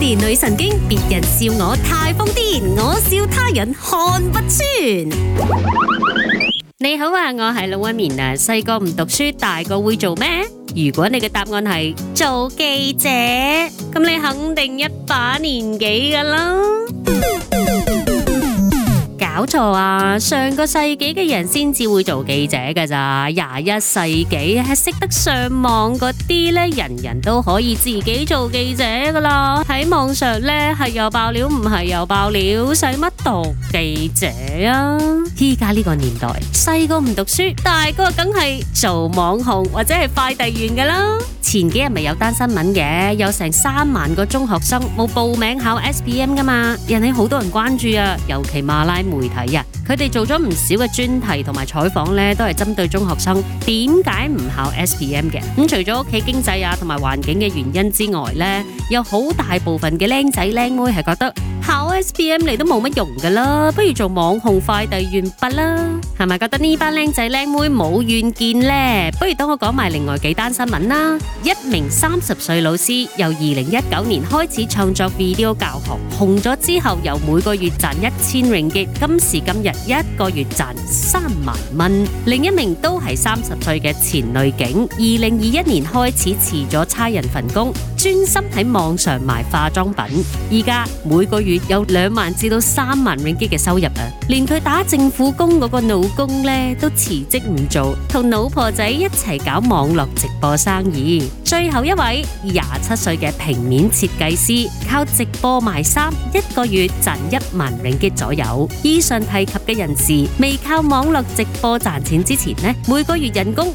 黐女神經，別人笑我太瘋癲，我笑他人看不穿。你好啊，我係龍紋敏啊，細個唔讀書，大個會做咩？如果你嘅答案係做記者，咁你肯定一把年紀㗎啦。冇錯啊，上個世紀嘅人先至會做記者噶咋，廿一世紀係識得上網嗰啲咧，人人都可以自己做記者噶啦，喺網上咧係又爆料，唔係又爆料，使乜讀記者啊？依家呢個年代，細個唔讀書，大個梗係做網紅或者係快遞員噶啦。前幾日咪有單新聞嘅，有成三萬個中學生冇報名考 SPM 㗎嘛，引起好多人關注啊，尤其馬拉媒體啊，佢哋做咗唔少嘅專題同埋採訪咧，都係針對中學生點解唔考 SPM 嘅。咁、嗯、除咗屋企經濟啊同埋環境嘅原因之外咧，有好大部分嘅僆仔僆妹係覺得。考 SPM 嚟都冇乜用噶啦，不如做網紅快遞員不啦？係咪覺得呢班靚仔靚妹冇遠見呢？不如等我講埋另外幾單新聞啦。一名三十歲老師由二零一九年開始創作 video 教學，紅咗之後由每個月賺一千零幾，今時今日一個月賺三萬蚊。另一名都係三十歲嘅前女警，二零二一年開始辭咗差人份工，專心喺網上賣化妝品，而家每個月。有兩萬至到三萬美金嘅收入啊！連佢打政府工嗰個老公呢都辭職唔做，同老婆仔一齊搞網絡直播生意。最後一位二十七歲嘅平面設計師，靠直播賣衫，一個月賺一萬美金左右。以上提及嘅人士未靠網絡直播賺錢之前呢，每個月人工，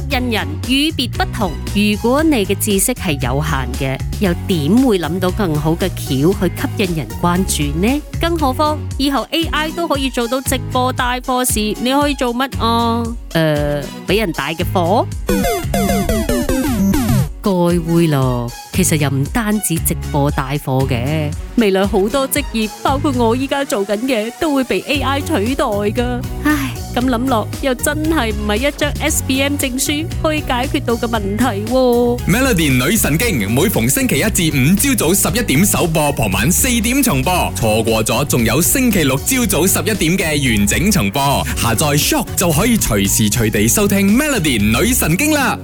引人與別不同。如果你嘅知識係有限嘅，又點會諗到更好嘅橋去吸引人關注呢？更何況以後 AI 都可以做到直播帶貨時，你可以做乜啊？誒、呃，俾人帶嘅貨？該會咯。其實又唔單止直播帶貨嘅，未來好多職業，包括我依家做緊嘅，都會被 AI 取代㗎。唉。咁諗落，又真係唔係一張 SPM 證書可以解決到嘅問題喎，哦。Melody 女神經每逢星期一至五朝早十一點首播，傍晚四點重播，錯過咗仲有星期六朝早十一點嘅完整重播。下載 Shock 就可以隨時隨地收聽 Melody 女神經啦。